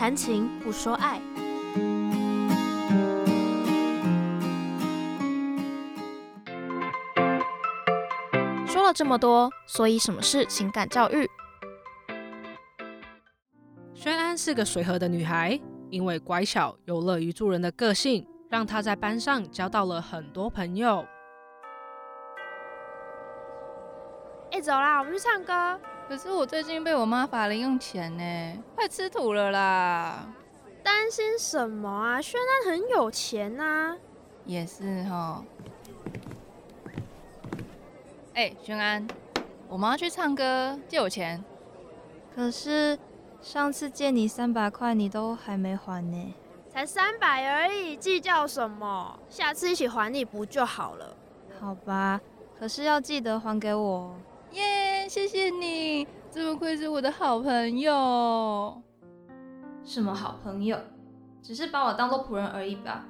談情不說愛，說了這麼多，所以什麼是情感教育？萱安是個隨和的女孩，因為乖巧又樂於助人的個性，讓她在班上交到了很多朋友。哎、欸，走啦，我們去唱歌。可是我最近被我媽罰零用錢呢，快吃土了啦！擔心什麼啊？宣安很有錢呐、啊。也是哈。哎，軒、欸、安，我媽去唱歌借我錢，可是上次借你三百塊你都還沒還呢。才三百而已，計較什麼？下次一起還你不就好了？好吧，可是要記得還給我。耶、yeah!。謝謝你，這不愧是我的好朋友。什麼好朋友？只是把我當做僕人而已吧。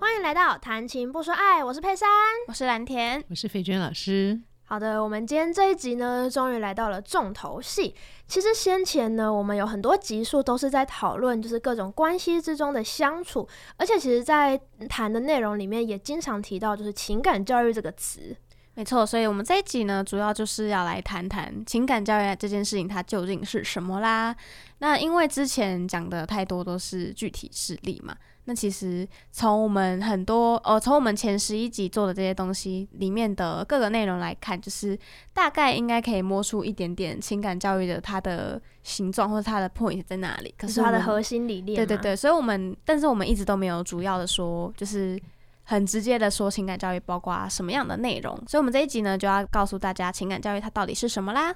歡迎來到談情不說愛，我是佩珊，我是藍田，我是費娟老師。好的，我們今天這一集呢，終於來到了重頭戲。其實先前呢，我們有很多集數都是在討論，就是各種關係之中的相處，而且其實，在談的內容裡面也經常提到，就是情感教育這個詞。沒錯，所以我們這一集呢，主要就是要來談談情感教育這件事情，它究竟是什麼啦？那因為之前講的太多都是具體事例嘛，那其實從我們很多呃，從我們前十一集做的這些東西裡面的各個內容來看，就是大概應該可以摸出一點點情感教育的它的形狀或者它的 point 在哪裡，可是它的核心理念。對對對，所以我們但是我們一直都沒有主要的說就是。很直接的說，情感教育包括什麼樣的內容？所以，我們這一集呢，就要告訴大家，情感教育它到底是什麼啦。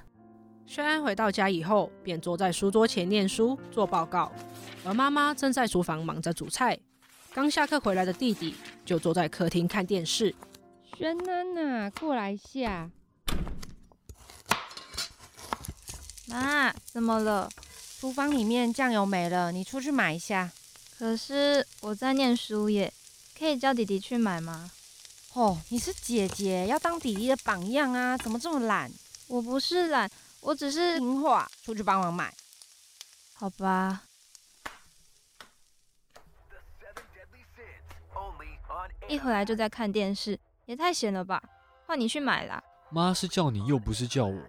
軒安回到家以後，便坐在書桌前念書做報告，而媽媽正在廚房忙着煮菜。剛下課回來的弟弟就坐在客廳看電視。軒安吶、啊，過來一下。媽，怎麼了？廚房裡面醬油沒了，你出去買一下。可是我在念書耶。可以叫弟弟去買嗎？哦，你是姐姐，要當弟弟的榜樣啊！怎麼這麼懶？我不是懶，我只是聽話，出去幫忙買。好吧。一回來就在看電視，也太閒了吧？換你去買啦。媽是叫你，又不是叫我。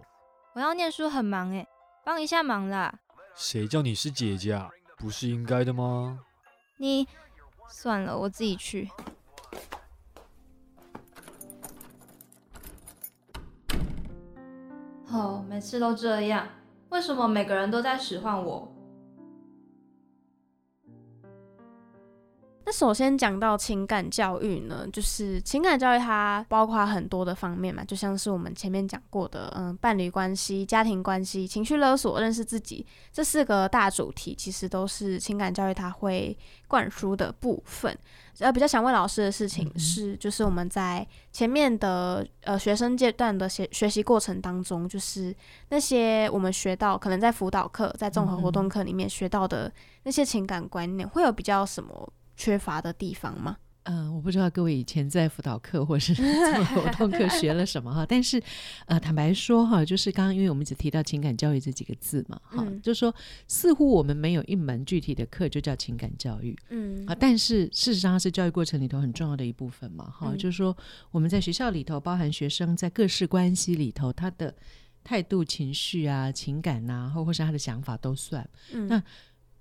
我要念書，很忙欸，幫一下忙啦。誰叫你是姐姐啊？不是應該的嗎？你。算了，我自己去。好、哦，每次都這樣，為什麼每個人都在使喚我？首先講到情感教育呢，就是情感教育它包括很多的方面嘛，就像是我們前面講過的，嗯，伴侶關係、家庭關係、情緒勒索、認識自己這四個大主題，其實都是情感教育它會灌輸的部分。呃，比較想問老師的事情是，就是我們在前面的呃學生階段的學學習過程當中，就是那些我們學到可能在輔導課、在綜合活動課裡面學到的那些情感觀念，會有比較什麼？缺乏的地方嗎？嗯、呃，我不知道各位以前在輔導課或是什麼活動課學了什麼哈， 但是呃，坦白說哈，就是剛剛因為我們只提到情感教育這幾個字嘛，嗯、哈，就說似乎我們沒有一門具體的課就叫情感教育，嗯，啊，但是事實上它是教育過程裡頭很重要的一部分嘛，嗯、哈，就是說我們在學校裡頭，包含學生在各式關係裡頭，他的態度、情緒啊、情感吶、啊，或或是他的想法都算，嗯，那。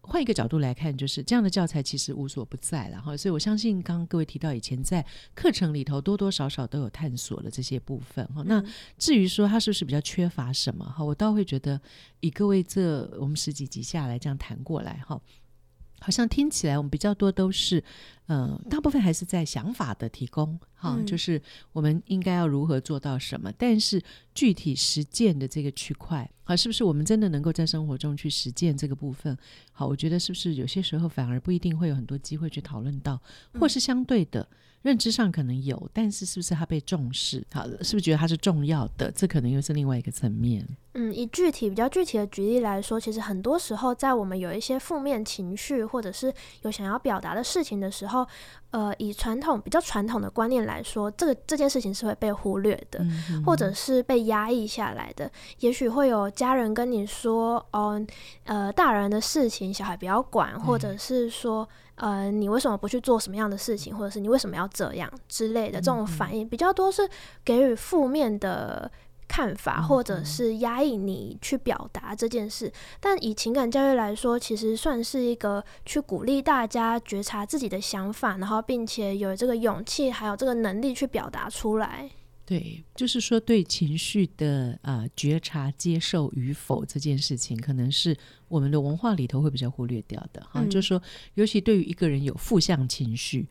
換一個角度來看，就是這樣的教材其實無所不在了哈，所以我相信剛剛各位提到以前在課程裡頭多多少少都有探索了這些部分哈。那至於說它是不是比較缺乏什麼哈，我倒會覺得以各位這我們十幾集下來這樣談過來哈。好像聽起來我們比較多都是，呃，大部分還是在想法的提供，哈，嗯、就是我們應該要如何做到什麼，但是具體實踐的這個區塊，啊，是不是我們真的能夠在生活中去實踐這個部分？好，我覺得是不是有些時候反而不一定會有很多機會去討論到，嗯、或是相對的。認知上可能有，但是是不是他被重視？好了，是不是覺得他是重要的？這可能又是另外一個層面。嗯，以具體比較具體的舉例來說，其實很多時候在我們有一些負面情緒，或者是有想要表達的事情的時候，呃，以傳統比較傳統的觀念來說，這個這件事情是會被忽略的，嗯、或者是被壓抑下來的。也許會有家人跟你說：“嗯、哦，呃，大人的事情小孩不要管。”或者是說，嗯呃，你為什麼不去做什麼樣的事情，或者是你為什麼要這樣之類的這種反應，比較多是給予負面的看法，或者是壓抑你去表達這件事。但以情感教育來說，其實算是一個去鼓勵大家覺察自己的想法，然後並且有這個勇氣，還有這個能力去表達出來。對，就是說對情緒的啊、呃、覺察、接受與否這件事情，可能是我們的文化裡頭會比較忽略掉的、嗯、哈。就是說，尤其對於一個人有負向情緒。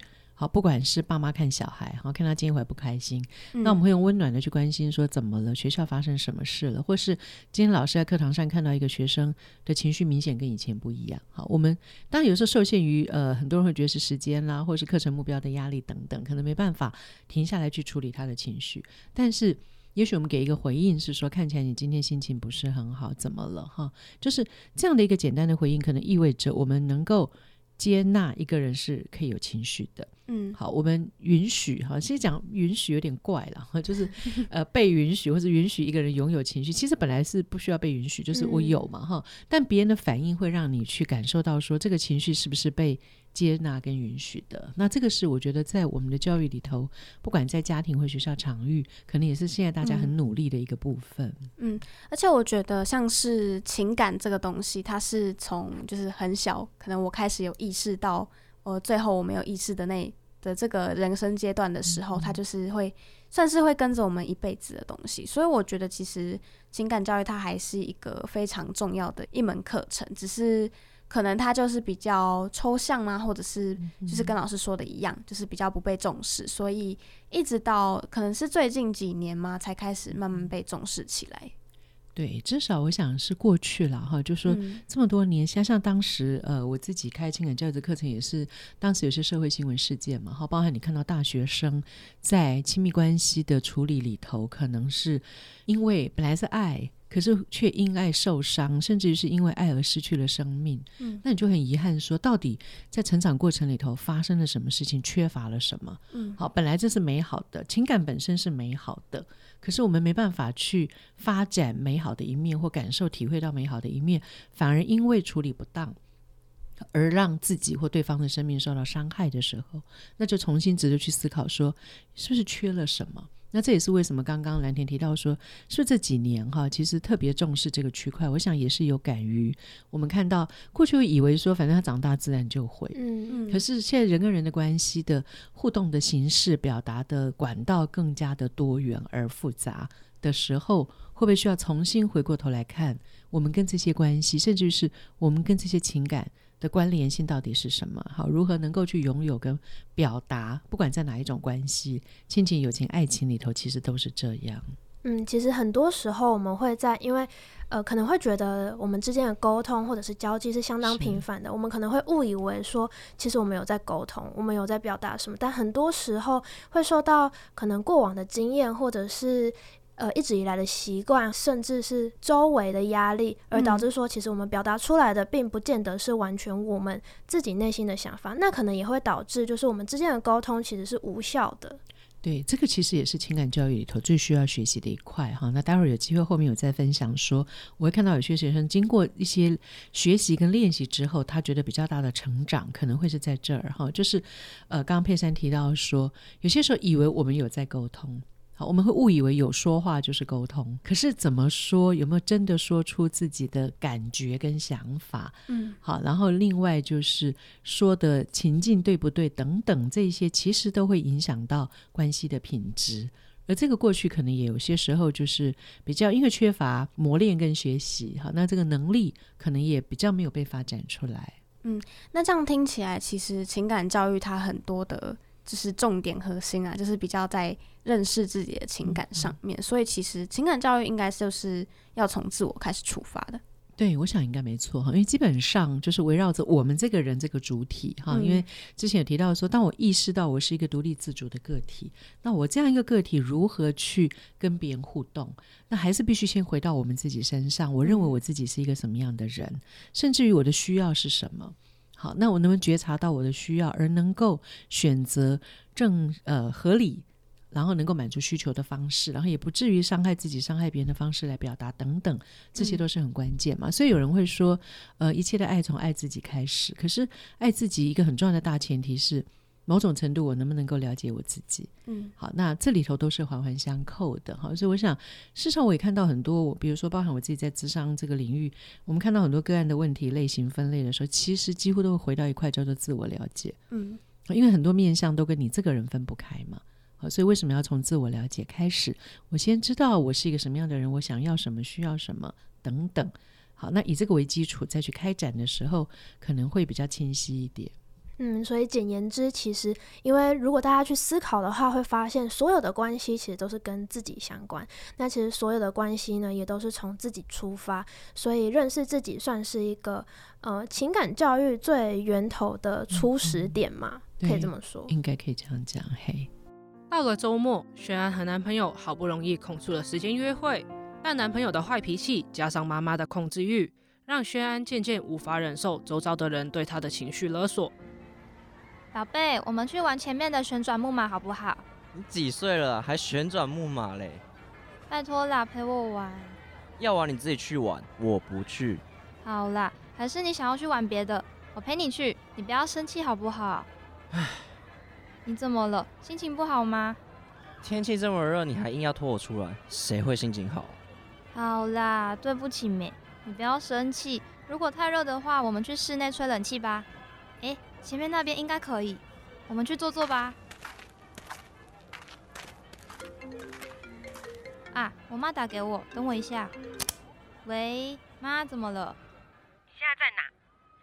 不管是爸媽看小孩，哈，看他今天回來不開心、嗯，那我們會用溫暖的去關心，說怎麼了？學校發生什麼事了？或是今天老師在課堂上看到一個學生的情緒明顯跟以前不一樣，好，我們當然有時候受限於呃，很多人會覺得是時間啦，或是課程目標的壓力等等，可能沒辦法停下來去處理他的情緒。但是，也許我們給一個回應是說，看起來你今天心情不是很好，怎麼了？哈，就是這樣的一個簡單的回應，可能意味着我們能夠。接納一個人是可以有情緒的，嗯，好，我們允許哈，其實講允許有點怪了，哈，就是呃被允許或者允許一個人擁有情緒，其實本來是不需要被允許，就是我有嘛，哈、嗯，但別人的反應會讓你去感受到說，這個情緒是不是被。接納跟允許的，那這個是我覺得在我們的教育裡頭，不管在家庭或學校場域，可能也是現在大家很努力的一個部分。嗯，而且我覺得像是情感這個東西，它是從就是很小，可能我開始有意識到，呃，最後我沒有意識的那的這個人生階段的時候，嗯，它就是會算是會跟着我們一輩子的東西。所以我覺得其實情感教育它還是一個非常重要的一門課程，只是。可能他就是比較抽象嘛、啊，或者是就是跟老師說的一樣、嗯，就是比較不被重視，所以一直到可能是最近幾年嘛，才開始慢慢被重視起來。對，至少我想是過去了哈。就說這麼多年，像、嗯、像當時，呃，我自己開情感教育的課程也是，當時也是社會新聞事件嘛，哈，包含你看到大學生在親密關係的處理裡頭，可能是因為本來是愛，可是卻因愛受傷，甚至於是因為愛而失去了生命。嗯，那你就很遺憾說，到底在成長過程裡頭發生了什麼事情，缺乏了什麼？嗯，好，本來這是美好的，情感本身是美好的。可是我們沒辦法去發展美好的一面，或感受、體會到美好的一面，反而因為處理不當而讓自己或對方的生命受到傷害的時候，那就重新值得去思考說，說是不是缺了什麼。那這也是為什麼剛剛藍田提到說，是這幾年哈，其實特別重視這個區塊。我想也是有感於我們看到過去以為說，反正他長大自然就會，嗯嗯。可是現在人跟人的關係的互動的形式、表達的管道更加的多元而複雜的時候，會不會需要重新回過頭來看我們跟這些關係，甚至是我們跟這些情感？的關聯性到底是什麼？好，如何能夠去擁有跟表達？不管在哪一種關係，親情、友情、愛情裡頭，其實都是這樣。嗯，其實很多時候我們會在，因為呃，可能會覺得我們之間的溝通或者是交際是相當頻繁的，我們可能會誤以為說，其實我們有在溝通，我們有在表達什麼，但很多時候會受到可能過往的經驗或者是。呃，一直以來的習慣，甚至是周圍的壓力，而導致說，其實我們表達出來的，並不見得是完全我們自己內心的想法。那可能也會導致，就是我們之間的溝通其實是無效的。對，這個其實也是情感教育裡頭最需要學習的一塊哈。那待會兒有機會，後面有再分享說，說我會看到有些學生經過一些學習跟練習之後，他覺得比較大的成長，可能會是在這兒哈。就是呃，剛剛佩珊提到說，有些時候以為我們有在溝通。好，我們會誤以為有說話就是溝通，可是怎麼說，有沒有真的說出自己的感覺跟想法？嗯，好，然後另外就是說的情境對不對等等，這些其實都會影響到關係的品質。而這個過去可能也有些時候就是比較因為缺乏磨練跟學習，哈，那這個能力可能也比較沒有被發展出來。嗯，那這樣聽起來，其實情感教育它很多的，就是重點核心啊，就是比較在認識自己的情感上面，嗯嗯。所以其實情感教育應該就是要從自我開始出發的。對，我想應該沒錯哈，因為基本上就是圍繞着我們這個人這個主體哈、嗯。因為之前有提到說，當我意識到我是一個獨立自主的個體，那我這樣一個個體如何去跟別人互動，那還是必須先回到我們自己身上。我認為我自己是一個什麼樣的人，嗯、甚至於我的需要是什麼？好，那我能不能覺察到我的需要，而能夠選擇正呃合理，然後能夠滿足需求的方式，然後也不至於傷害自己、傷害別人的方式來表達等等，這些都是很關鍵嘛。嗯。所以有人會說，呃，一切的愛從愛自己開始。可是愛自己一個很重要的大前提是。某種程度，我能不能夠了解我自己？嗯，好，那這裡頭都是環環相扣的，好，所以我想，事實上我也看到很多，我比如說包含我自己在諮商這個領域，我們看到很多個案的問題類型分類的時候，其實幾乎都會回到一塊叫做自我了解，嗯，因為很多面向都跟你這個人分不開嘛，好，所以為什麼要從自我了解開始？我先知道我是一個什麼樣的人，我想要什麼，需要什麼等等，好，那以這個為基礎再去開展的時候，可能會比較清晰一點。嗯，所以簡言之，其實因為如果大家去思考的話，會發現所有的關係其實都是跟自己相關。那其實所有的關係呢，也都是從自己出發。所以認識自己算是一個呃情感教育最源頭的初始點嘛，嗯嗯、對，可以這麼說，應該可以這樣講。嘿，到了周末，軒安和男朋友好不容易空出了時間約會，但男朋友的壞脾氣加上媽媽的控制慾，讓軒安漸漸無法忍受周遭的人對他的情緒勒索。寶貝，我們去玩前面的旋轉木馬好不好？你幾歲了，還旋轉木馬嘞？拜託啦，陪我玩。要玩你自己去玩，我不去。好啦，還是你想要去玩別的，我陪你去，你不要生氣好不好？唉，你怎麼了？心情不好嗎？天氣這麼熱，你還硬要拖我出來，誰會心情好？好啦，對不起咩，你不要生氣。如果太熱的話，我們去室內吹冷氣吧。哎，前面那邊應該可以，我們去坐坐吧。啊，我媽打給我，等我一下。喂，媽，怎麼了？你現在在哪？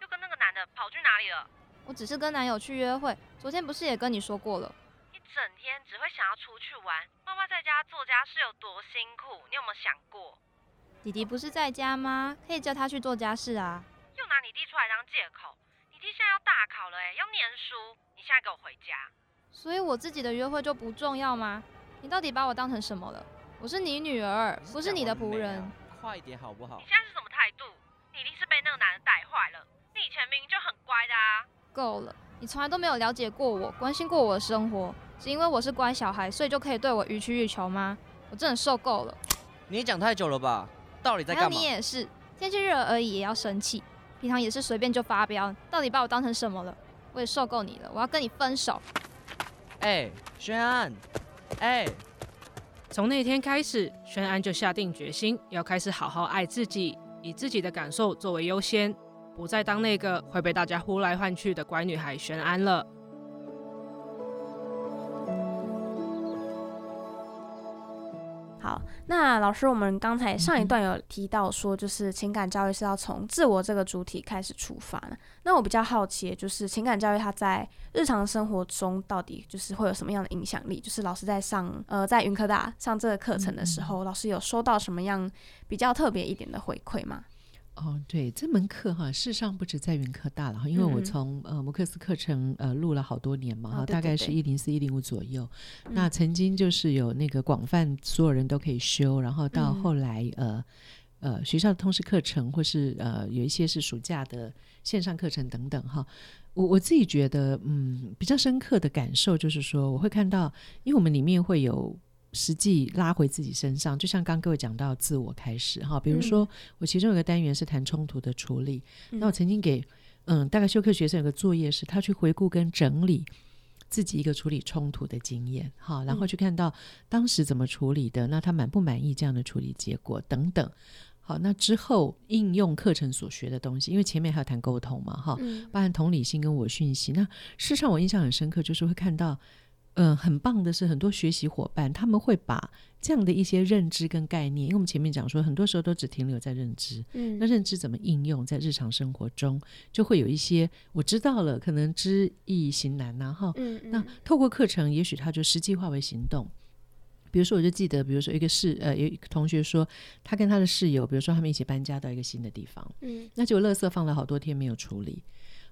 又跟那個男的跑去哪裡了？我只是跟男友去約會，昨天不是也跟你說過了。你整天只會想要出去玩，媽媽在家做家事有多辛苦，你有沒有想過？弟弟不是在家嗎？可以叫他去做家事啊。又拿你弟出來當借口。現在要大考了哎、欸，要念書。你現在給我回家。所以我自己的約會就不重要嗎？你到底把我當成什麼了？我是你女兒，是啊、不是你的僕人。快點好不好？你現在是什麼態度？你一定是被那個男人帶壞了。你以前明明就很乖的啊。夠了，你從來都沒有了解過我，關心過我的生活。只因為我是乖小孩，所以就可以對我予取予求嗎？我真的受夠了。你也講太久了吧？到底在幹嘛？還有你也是，天氣熱而已也要生氣。平常也是隨便就發飆，到底把我當成什麼了？我也受夠你了，我要跟你分手。哎、欸，宣安。哎、欸，從那天開始，宣安就下定決心要開始好好愛自己，以自己的感受作為優先，不再當那個會被大家呼來喚去的乖女孩宣安了。好，那老師，我們剛才上一段有提到說，就是情感教育是要從自我這個主體開始出發的。那我比較好奇就是，情感教育它在日常生活中到底就是會有什麼樣的影響力？就是老師在上呃在雲科大上這個課程的時候，嗯，老師有收到什麼樣比較特別一點的回饋嗎？哦、oh，對，這門課哈，事實上不止在雲科大了哈，因為我從、嗯、呃摩克斯課程呃錄了好多年嘛哈，oh, 大概是一零四一零五左右對對對，那曾經就是有那個廣泛所有人都可以修、嗯，然後到後來呃呃學校的通識課程或是呃有一些是暑假的線上課程等等哈，我我自己覺得嗯比較深刻的感受就是說，我會看到，因為我們裡面會有。實際拉回自己身上，就像剛剛各位講到自我開始哈，比如說、嗯、我其中有個單元是談衝突的處理，嗯、那我曾經給嗯大概修課學生有個作業是他去回顧跟整理自己一個處理衝突的經驗哈，然後去看到當時怎麼處理的，嗯、那他滿不滿意這樣的處理結果等等，好，那之後應用課程所學的東西，因為前面還要談溝通嘛哈、嗯，包含同理心跟我訊息，那事實上我印象很深刻，就是會看到。嗯，很棒的是，很多學習夥伴他們會把這樣的一些認知跟概念，因為我們前面講說，很多時候都只停留在認知，嗯，那認知怎麼應用在日常生活中，就會有一些我知道了，可能知易行難啊，然後嗯，嗯，那透過課程，也許他就實際化為行動。比如說，我就記得，比如說一個室呃，有一個同學說他跟他的室友，比如說他們一起搬家到一個新的地方，嗯，那就垃圾放了好多天沒有處理。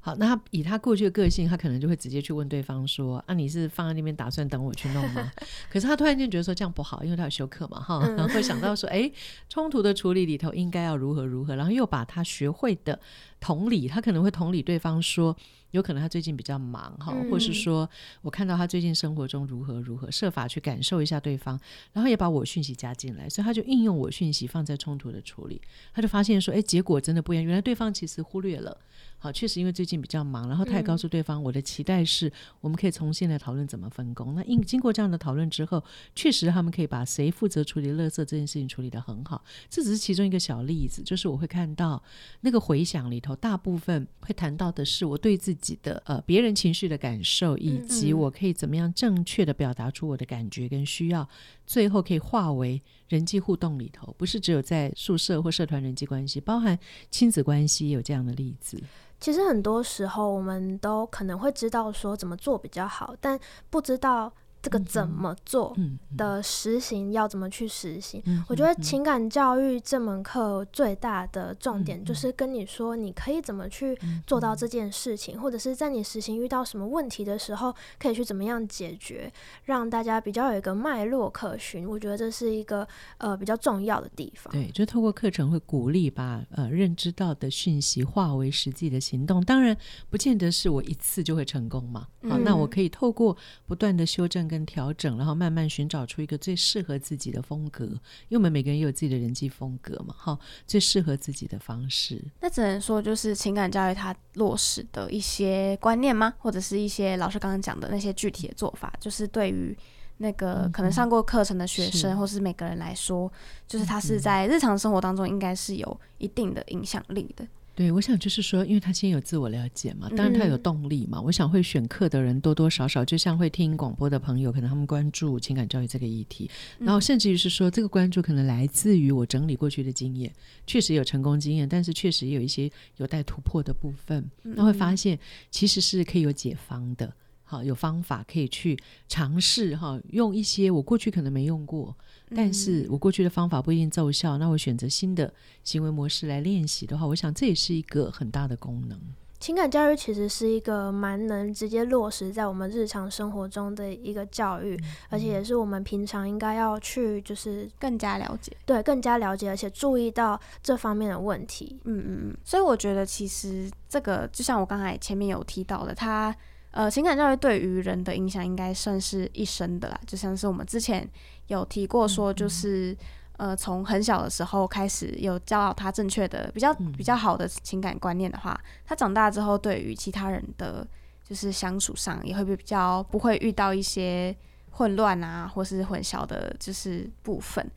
好，那他以他過去的個性，他可能就會直接去問對方說：“啊，你是放在那邊打算等我去弄嗎？” 可是他突然間覺得說這樣不好，因為他有休克嘛，哈，然後會想到說：“欸，衝突的處理裡頭應該要如何如何。”然後又把他學會的同理，他可能會同理對方說。有可能他最近比較忙哈，或是說我看到他最近生活中如何如何，設法去感受一下對方，然後也把我訊息加進來，所以他就應用我訊息放在衝突的處理，他就發現說，哎、欸，結果真的不一樣，原來對方其實忽略了，好，確實因為最近比較忙，然後他也告訴對方，我的期待是，我們可以重新來討論怎麼分工。嗯、那經經過這樣的討論之後，確實他們可以把誰負責處理垃圾這件事情處理得很好。這只是其中一個小例子，就是我會看到那個回響裡頭，大部分會談到的是我對自己。自己的呃，別人情緒的感受，以及我可以怎麼樣正確的表達出我的感覺跟需要，最後可以化為人際互動裡頭，不是只有在宿舍或社團人際關係，包含親子關係有這樣的例子。其實很多時候，我們都可能會知道說怎麼做比較好，但不知道。這個怎麼做的實行要怎麼去實行，嗯嗯。我覺得情感教育這門課最大的重點就是跟你說，你可以怎麼去做到這件事情，嗯嗯，或者是在你實行遇到什麼問題的時候，可以去怎麼樣解決，讓大家比較有一個脈絡可循。我覺得這是一個呃比較重要的地方。對，就透過課程會鼓勵把呃認知到的訊息化為實際的行動。當然，不見得是我一次就會成功嘛。嗯、啊，那我可以透過不斷的修正。跟調整，然後慢慢尋找出一個最適合自己的風格，因為我們每個人也有自己的人際風格嘛。哈，最適合自己的方式，那只能說就是情感教育它落實的一些觀念嗎？或者是一些老師剛剛講的那些具體的做法，嗯、就是對於那個可能上過課程的學生，或是每個人來說，就是他是在日常生活當中應該是有一定的影響力的。對，我想就是說，因為他先有自我了解嘛，當然他有動力嘛。嗯、我想會選課的人多多少少，就像會聽廣播的朋友，可能他們關注情感教育這個議題，然後甚至於是說、嗯、這個關注可能來自於我整理過去的經驗，確實有成功經驗，但是確實也有一些有待突破的部分，那會發現其實是可以有解方的。嗯嗯好，有方法可以去嘗試哈，用一些我過去可能沒用過，但是我過去的方法不一定奏效，嗯、那我選擇新的行為模式來練習的話，我想這也是一個很大的功能。情感教育其實是一個蠻能直接落實在我們日常生活中的一個教育，嗯、而且也是我們平常應該要去就是更加了解，對，更加了解，而且注意到這方面的問題。嗯嗯嗯，所以我覺得其實這個就像我剛才前面有提到的，它。呃，情感教育對於人的影響應該算是一生的啦。就像是我們之前有提過，說就是、嗯、呃，從很小的時候開始有教導他正確的、比較比較好的情感觀念的話，他長大之後對於其他人的就是相處上也會比較不會遇到一些混亂啊，或是混淆的，就是部分。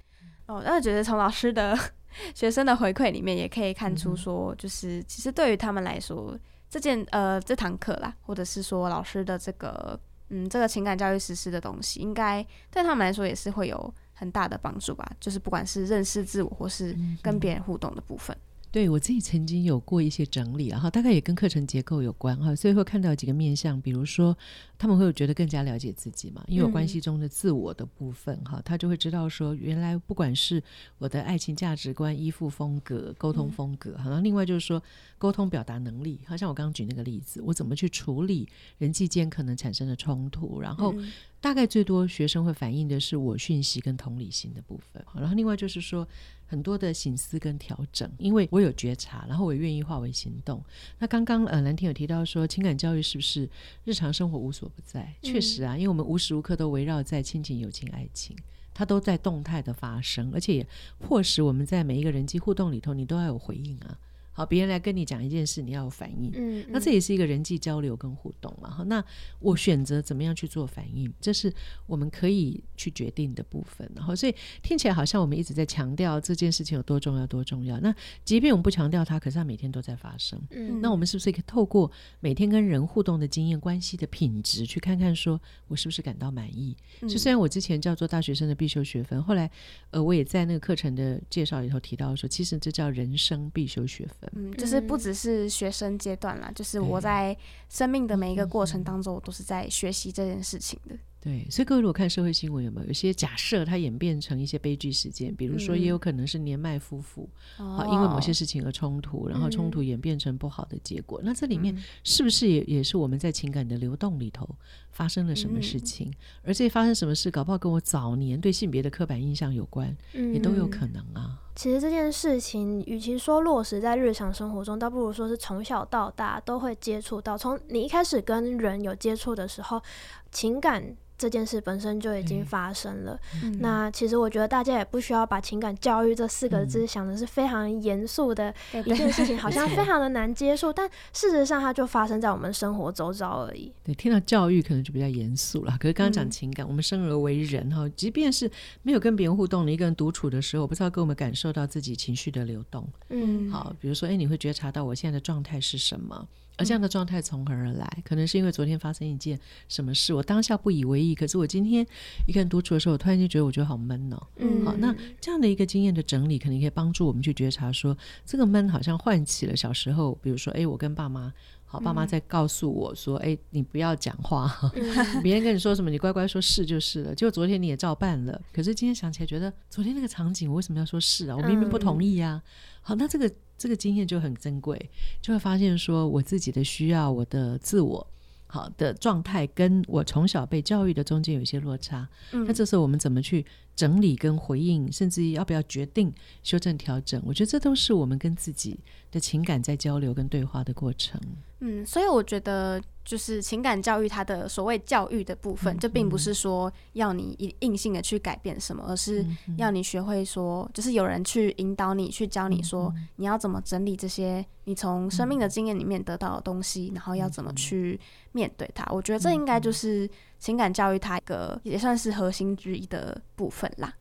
哦，那我覺得從老師的、學生的回饋裡面也可以看出，說就是、嗯、其實對於他們來說。這件呃，這堂課啦，或者是說老師的這個，嗯，這個情感教育實施的東西，應該對他們來說也是會有很大的幫助吧。就是不管是認識自我，或是跟別人互動的部分。對，我自己曾經有過一些整理，然後大概也跟課程結構有關哈，所以會看到幾個面向，比如說他們會有覺得更加了解自己嘛，因為我關係中的自我的部分哈、嗯，他就會知道說原來不管是我的愛情價值觀、依附風格、溝通風格，嗯、然後另外就是說溝通表達能力，好像我剛剛舉那個例子，我怎麼去處理人際間可能產生的衝突，然後，嗯大概最多學生會反映的是我訊息跟同理心的部分，然後另外就是說很多的省思跟調整，因為我有覺察，然後我也願意化為行動。那剛剛呃蘭婷有提到說情感教育是不是日常生活無所不在？嗯。確實啊，因為我們無時無刻都圍繞在親情、友情、愛情，它都在動態的發生，而且也迫使我們在每一個人際互動裡頭，你都要有回應啊。好，別人來跟你講一件事，你要有反應。嗯，嗯，那這也是一個人際交流跟互動嘛。哈，那我選擇怎麼樣去做反應，這是我們可以去決定的部分。然後，所以聽起來好像我們一直在強調這件事情有多重要、多重要。那即便我們不強調它，可是它每天都在發生。嗯，那我們是不是可以透過每天跟人互動的經驗、關係的品質，去看看說我是不是感到滿意？就雖然我之前叫做大學生的必修學分，嗯、後來呃，我也在那個課程的介紹裡頭提到說，其實這叫人生必修學分。嗯，就是不只是學生階段啦、嗯。就是我在生命的每一個過程當中，我都是在學習這件事情的。對，所以各位如果看社會新聞，有沒有有些假設它演變成一些悲劇事件？比如說，也有可能是年邁夫婦啊、嗯哦，因為某些事情而衝突，然後衝突演變成不好的結果。嗯、那這裡面是不是也也是我們在情感的流動裡頭？發生了什麼事情、嗯？而且發生什麼事，搞不好跟我早年對性別的刻板印象有關、嗯，也都有可能啊。其實這件事情，與其說落實在日常生活中，倒不如說是從小到大都會接觸到。從你一開始跟人有接觸的時候，情感這件事本身就已經發生了。那其實我覺得大家也不需要把“情感教育”這四個字想的是非常嚴肅的一件事情、嗯，好像非常的難接受。 但事實上，它就發生在我們生活周遭而已。對，聽到“教育”可能。就比較嚴肅了。可是剛剛講情感，嗯、我們生而為人哈、哦，即便是沒有跟別人互動，你一個人獨處的時候，我不知道給我們感受到自己情緒的流動。嗯，好，比如說，哎，你會覺察到我現在的狀態是什麼？而這樣的狀態從何而來、嗯？可能是因為昨天發生一件什麼事，我當下不以為意，可是我今天一個人獨處的時候，我突然間覺得我覺得好悶哦。嗯，好，那這樣的一個經驗的整理，可能可以幫助我們去覺察說，說這個悶好像喚起了小時候，比如說，哎，我跟爸媽。好，爸媽在告訴我說：“哎、嗯，你不要講話、嗯，別人跟你說什麼，你乖乖說是就是了。”結果昨天你也照辦了，可是今天想起來，覺得昨天那個場景，我為什麼要說是啊？我明明不同意啊！嗯、好，那這個這個經驗就很珍貴，就會發現說我自己的需要、我的自我好的狀態，跟我從小被教育的中間有一些落差。嗯、那這時候我們怎麼去？整理跟回應，甚至要不要決定修正調整，我覺得這都是我們跟自己的情感在交流跟對話的過程。嗯，所以我覺得就是情感教育它的所謂教育的部分，這、嗯、並不是說要你硬硬性的去改變什麼，嗯、而是要你學會說、嗯，就是有人去引導你，去教你說、嗯、你要怎麼整理這些你從生命的經驗裡面得到的東西，嗯、然後要怎麼去面對它。我覺得這應該就是。情感教育，它一個也算是核心之一的部分啦。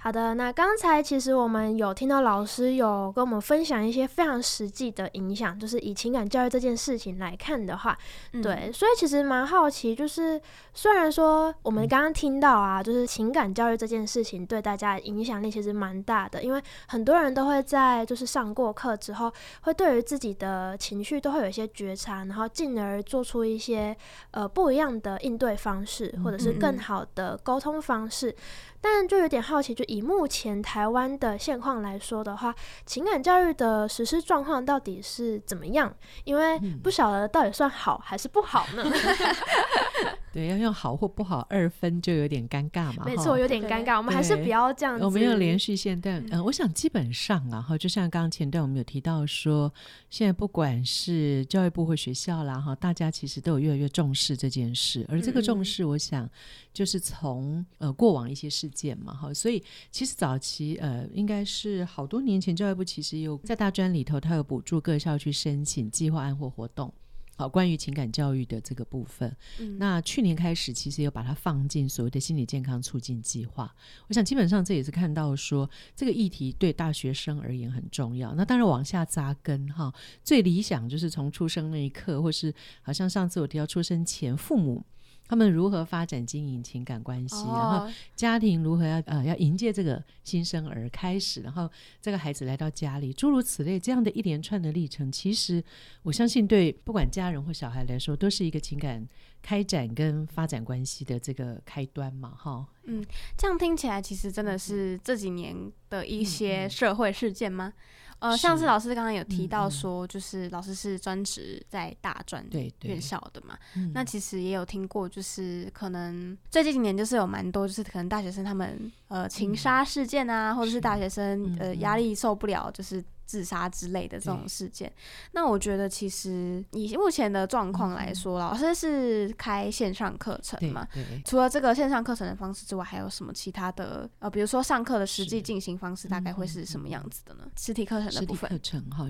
好的，那剛才其實我們有聽到老師有跟我們分享一些非常實際的影響，就是以情感教育這件事情來看的話，嗯、對，所以其實蠻好奇，就是雖然說我們剛剛聽到啊，就是情感教育這件事情對大家影響力其實蠻大的，因為很多人都會在就是上過課之後，會對於自己的情緒都會有一些覺察，然後進而做出一些呃不一樣的應對方式，或者是更好的溝通方式。嗯嗯嗯嗯但就有點好奇，就以目前台灣的現況來說的話，情感教育的實施狀況到底是怎麼樣？因為不曉得到底算好還是不好呢。嗯 對，要用好或不好二分就有點尷尬嘛。每次我有點尷尬，我們還是不要這樣子。我們要連續線，但嗯、呃，我想基本上，啊，哈，就像剛剛前段我們有提到說，現在不管是教育部或學校啦，哈，大家其實都有越來越重視這件事。而這個重視，我想就是從、嗯嗯、呃過往一些事件嘛，哈，所以其實早期呃應該是好多年前，教育部其實有在大專裡頭，它有補助各校去申請計劃案或活動。好，關於情感教育的這個部分。嗯，那去年開始其實有把它放進所謂的心理健康促進計劃。我想基本上這也是看到說，這個議題對大學生而言很重要。那當然往下紮根哈，最理想就是從出生那一刻，或是好像上次我提到出生前，父母。他們如何發展經營情感關係，哦，然後家庭如何要呃要迎接這個新生兒開始，然後這個孩子來到家裡，諸如此類這樣的一連串的歷程，其實我相信對不管家人或小孩來說，都是一個情感開展跟發展關係的這個開端嘛，哈。嗯，這樣聽起來其實真的是這幾年的一些社會事件嗎？嗯嗯呃，像是老師剛剛有提到說，就是老師是專職在大專院校的嘛，嗯嗯，那其實也有聽過，就是可能最近幾年就是有蠻多，就是可能大學生他們呃情殺事件啊，或者是大學生呃壓力受不了，就是。自殺之類的這種事件，那我覺得其實以目前的狀況來說，嗯、老師是開線上課程嘛？除了這個線上課程的方式之外，還有什麼其他的？呃，比如說上課的實際進行方式，大概會是什麼樣子的呢？的嗯嗯、實體課程的部分，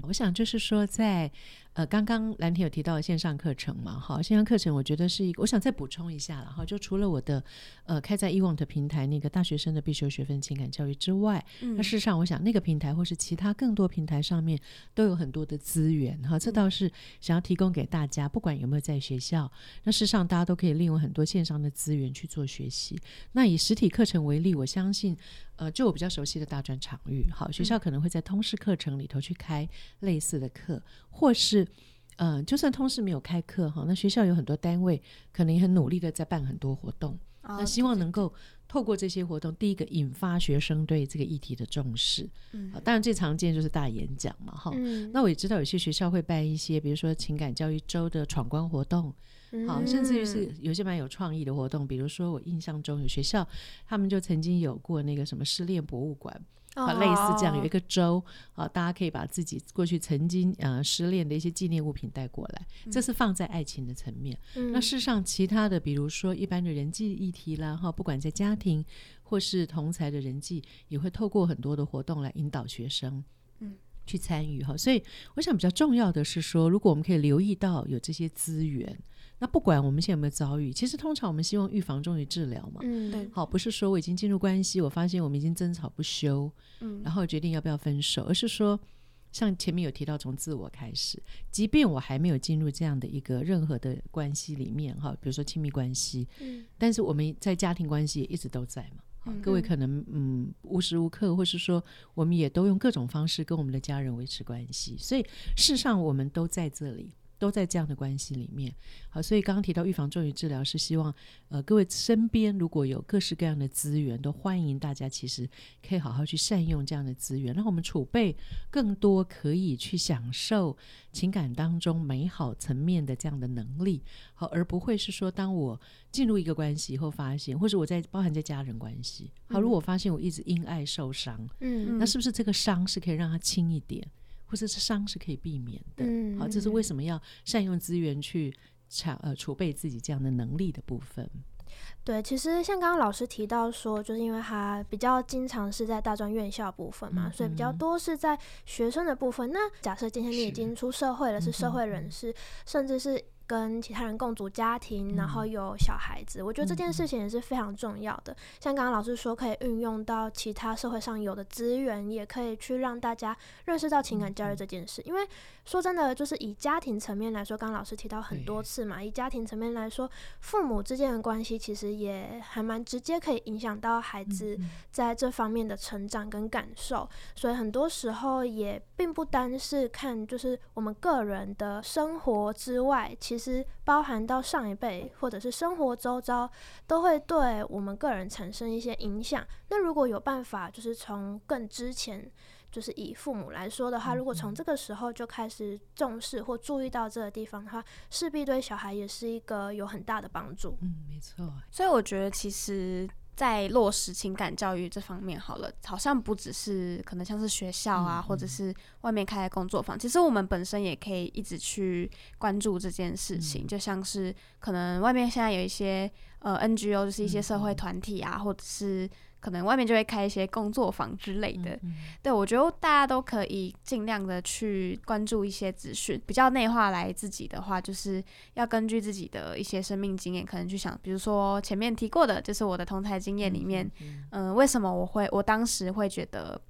我想就是說在。呃，剛剛藍天有提到的線上課程嘛？好，線上課程我覺得是一個，我想再補充一下了哈。就除了我的呃開在 ewant 的平台那個大學生的必修學分情感教育之外，嗯，那事實上我想那個平台或是其他更多平台上面都有很多的資源哈。這倒是想要提供給大家，嗯，不管有沒有在學校，那事實上大家都可以利用很多線上的資源去做學習。那以實體課程為例，我相信呃就我比較熟悉的大專場域，好學校可能會在通識課程裡頭去開類似的課，嗯、或是嗯，就算通識沒有開課哈，那學校有很多單位可能也很努力的在辦很多活動，哦、那希望能夠透過這些活動，第一個引發學生對這個議題的重視。嗯、當然最常見就是大演講嘛哈、嗯。那我也知道有些學校會辦一些，比如說情感教育周的闖關活動、嗯，好，甚至於是有些蠻有創意的活動，比如說我印象中有學校他們就曾經有過那個什麼失戀博物館。啊，類似這樣，oh. 有一個周啊，大家可以把自己過去曾經啊、呃、失戀的一些紀念物品帶過來，這是放在愛情的層面。嗯、那事實上其他的，比如說一般的人際議題啦，哈、嗯，不管在家庭或是同才的人際，也會透過很多的活動來引導學生去嗯去參與哈。所以我想比較重要的是說，如果我們可以留意到有這些資源。那不管我們現在有沒有遭遇，其實通常我們希望預防重於治療嘛。嗯，對。好，不是說我已經進入關係，我發現我們已經爭吵不休，嗯，然後決定要不要分手，而是說，像前面有提到，從自我開始，即便我還沒有進入這樣的一個任何的關係裡面哈，比如說親密關係，嗯，但是我們在家庭關係也一直都在嘛。好，各位可能嗯，嗯，嗯，無時無刻，或是說我們也都用各種方式跟我們的家人維持關係，所以事實上我們都在這裡。都在這樣的關係裡面，好，所以剛剛提到預防重於治療，是希望呃各位身邊如果有各式各樣的資源，都歡迎大家其實可以好好去善用這樣的資源，讓我們儲備更多可以去享受情感當中美好層面的這樣的能力，好，而不會是說當我進入一個關係以後發現，或是我在包含在家人關係，好，如果發現我一直因愛受傷，嗯，那是不是這個傷是可以讓它輕一點？或者是傷是可以避免的，嗯，好，這是為什麼要善用資源去搶呃儲備自己這樣的能力的部分。對，其實像剛剛老師提到說，就是因為他比較經常是在大專院校部分嘛、嗯，所以比較多是在學生的部分呢。那假設今天你已經出社會了，是，是社會人士，嗯、甚至是。跟其他人共組家庭，然後有小孩子，嗯、我覺得這件事情也是非常重要的。嗯、像剛剛老師說，可以運用到其他社會上有的資源，也可以去讓大家認識到情感教育這件事，因為。說真的，就是以家庭層面來說，剛剛老師提到很多次嘛，以家庭層面來說，父母之間的關係其實也還蠻直接，可以影響到孩子在這方面的成長跟感受。所以很多時候也並不單是看就是我們個人的生活之外，其實包含到上一輩或者是生活周遭，都會對我們個人產生一些影響。那如果有辦法，就是從更之前。就是以父母來說的話，如果從這個時候就開始重視或注意到這個地方的話，勢必對小孩也是一個有很大的幫助。嗯，沒錯。所以我覺得，其實，在落實情感教育這方面，好了，好像不只是可能像是學校啊，嗯、或者是外面開的工作坊、嗯，其實我們本身也可以一直去關注這件事情。嗯、就像是可能外面現在有一些呃 NGO，就是一些社會團體啊、嗯，或者是。可能外面就會開一些工作坊之類的，嗯嗯、對，我覺得大家都可以儘量的去關注一些資訊。比較內化來自己的話，就是要根據自己的一些生命經驗，可能去想，比如說前面提過的，就是我的同台經驗裡面，嗯，嗯、呃，為什麼我會，我當時會覺得。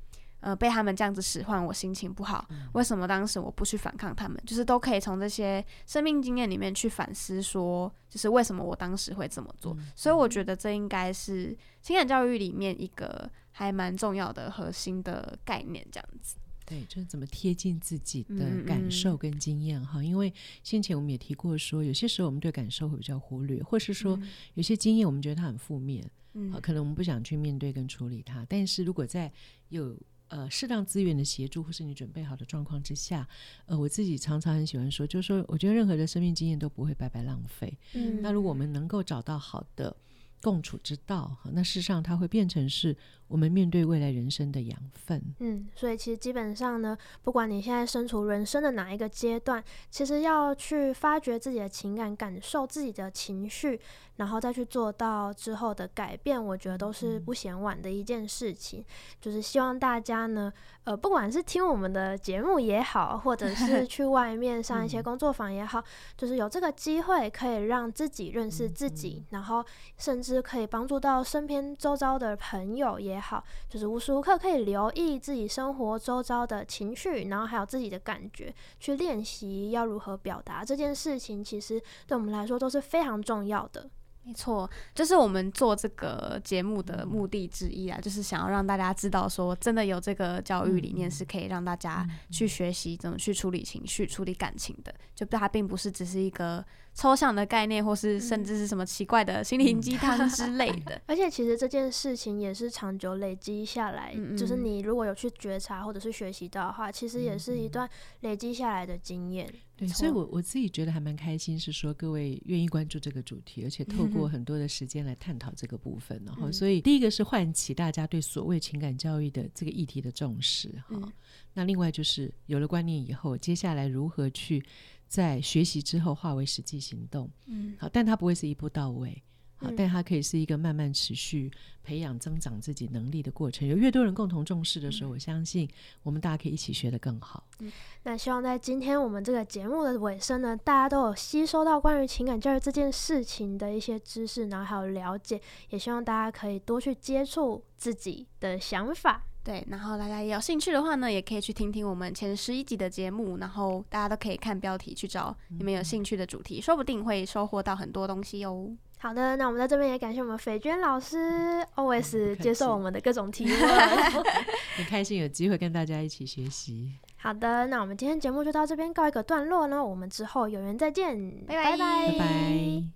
呃，被他們這樣子使喚，我心情不好，嗯。為什麼當時我不去反抗他們？就是都可以從這些生命經驗裡面去反思，說就是為什麼我當時會這麼做。嗯、所以我覺得這應該是情感教育裡面一個還蠻重要的核心的概念，這樣子。對，就是怎麼貼近自己的感受跟經驗哈、嗯嗯。因為先前我們也提過說，說有些時候我們對感受會比較忽略，或是說有些經驗我們覺得它很負面，嗯、呃，可能我們不想去面對跟處理它。但是如果在有呃，適當資源的協助，或是你準備好的狀況之下，呃，我自己常常很喜歡說，就是說，我覺得任何的生命經驗都不會白白浪費。嗯，那如果我們能夠找到好的共處之道，哈，那事實上它會變成是我們面對未來人生的養分。嗯，所以其實基本上呢，不管你現在身處人生的哪一個階段，其實要去發掘自己的情感，感受自己的情緒。然後再去做到之後的改變，我覺得都是不嫌晚的一件事情，嗯。就是希望大家呢，呃，不管是聽我們的節目也好，或者是去外面上一些工作坊也好， 就是有這個機會可以讓自己認識自己，嗯，然後甚至可以幫助到身邊周遭的朋友也好，就是無時無刻可以留意自己生活周遭的情緒，然後還有自己的感覺，去練習要如何表達這件事情，其實對我們來說都是非常重要的。沒錯，就是我們做這個節目的目的之一啊，就是想要讓大家知道，說真的有這個教育理念是可以讓大家去學習怎麼去處理情緒、處理感情的，就它並不是只是一個抽象的概念，或是甚至是什麼奇怪的心靈雞湯之類的。而且，其實這件事情也是長久累積下來，嗯嗯，就是你如果有去覺察或者是學習到的話，其實也是一段累積下來的經驗。對，所以我，我我自己覺得還蠻開心，是說各位願意關注這個主題，而且透過很多的時間來探討這個部分，嗯、然後，所以第一個是喚起大家對所謂情感教育的這個議題的重視哈、嗯。那另外就是有了觀念以後，接下來如何去在學習之後化為實際行動？嗯，好，但它不會是一步到位。好，但它可以是一個慢慢持續培養、增長自己能力的過程。有越多人共同重視的時候，嗯、我相信我們大家可以一起學得更好。嗯，那希望在今天我們這個節目的尾聲呢，大家都有吸收到關於情感教育這件事情的一些知識，然後還有了解。也希望大家可以多去接觸自己的想法。對，然後大家也有興趣的話呢，也可以去聽聽我們前十一集的節目，然後大家都可以看標題去找你們有，有興趣的主題，嗯、說不定會收穫到很多東西喲。好的，那我們在這邊也感謝我們斐娟老師，OS、嗯、接受我們的各種提問， 很開心有機會跟大家一起學習。好的，那我們今天節目就到這邊告一個段落了，我們之後有緣再見，拜拜拜拜。拜拜。